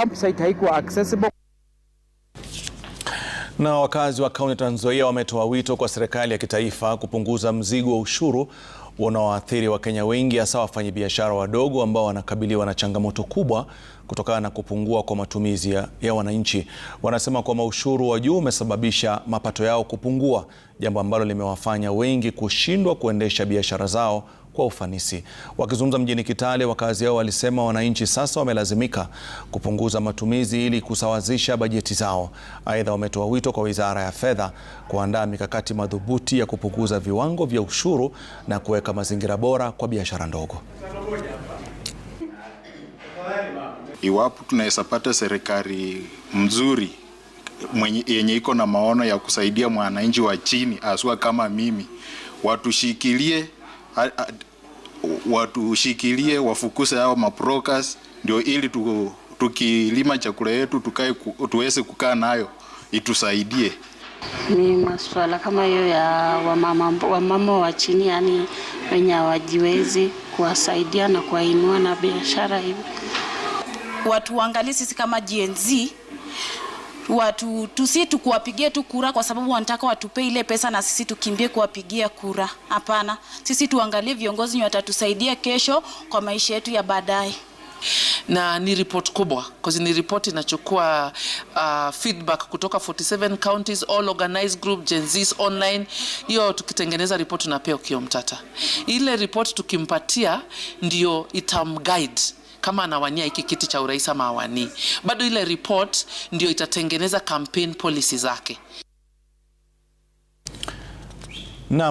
website haikuwa accessible. Na wakazi wa kaunti ya Trans Nzoia wametoa wito kwa serikali ya kitaifa kupunguza mzigo wa ushuru unaoathiri Wakenya wengi hasa wafanyabiashara wadogo ambao wanakabiliwa na changamoto kubwa kutokana na kupungua kwa matumizi ya, ya wananchi. Wanasema kwamba ushuru wa juu umesababisha mapato yao kupungua, jambo ambalo limewafanya wengi kushindwa kuendesha biashara zao kwa ufanisi. Wakizungumza mjini Kitale, wakazi hao walisema wananchi sasa wamelazimika kupunguza matumizi ili kusawazisha bajeti zao. Aidha, wametoa wito kwa Wizara ya Fedha kuandaa mikakati madhubuti ya kupunguza viwango vya ushuru na kuweka mazingira bora kwa biashara ndogo. Iwapo tunaweza pata serikali mzuri mwenye, yenye iko na maono ya kusaidia mwananchi wa chini, haswa kama mimi, watushikilie watushikilie, wafukuze hao maprokas, ndio ili tu, tukilima chakula yetu tukae, tuweze kukaa nayo itusaidie. Ni masuala kama hiyo ya wamama, wamama wa chini, yani wenye hawajiwezi, kuwasaidia na kuwainua na biashara hivi. Watu waangalie sisi kama GNZ watu tusi tukuwapigie tu kura kwa sababu wanataka watupe ile pesa na sisi tukimbie kuwapigia kura. Hapana, sisi tuangalie viongozi ni watatusaidia kesho kwa maisha yetu ya baadaye na ni report kubwa cause ni report inachukua uh, feedback kutoka 47 counties all organized group Gen Z's online. Hiyo tukitengeneza report unapea ukio mtata ile report tukimpatia ndio itamguide kama anawania hiki kiti cha urais ama awanii. Bado ile report ndio itatengeneza campaign policy zake. Naam.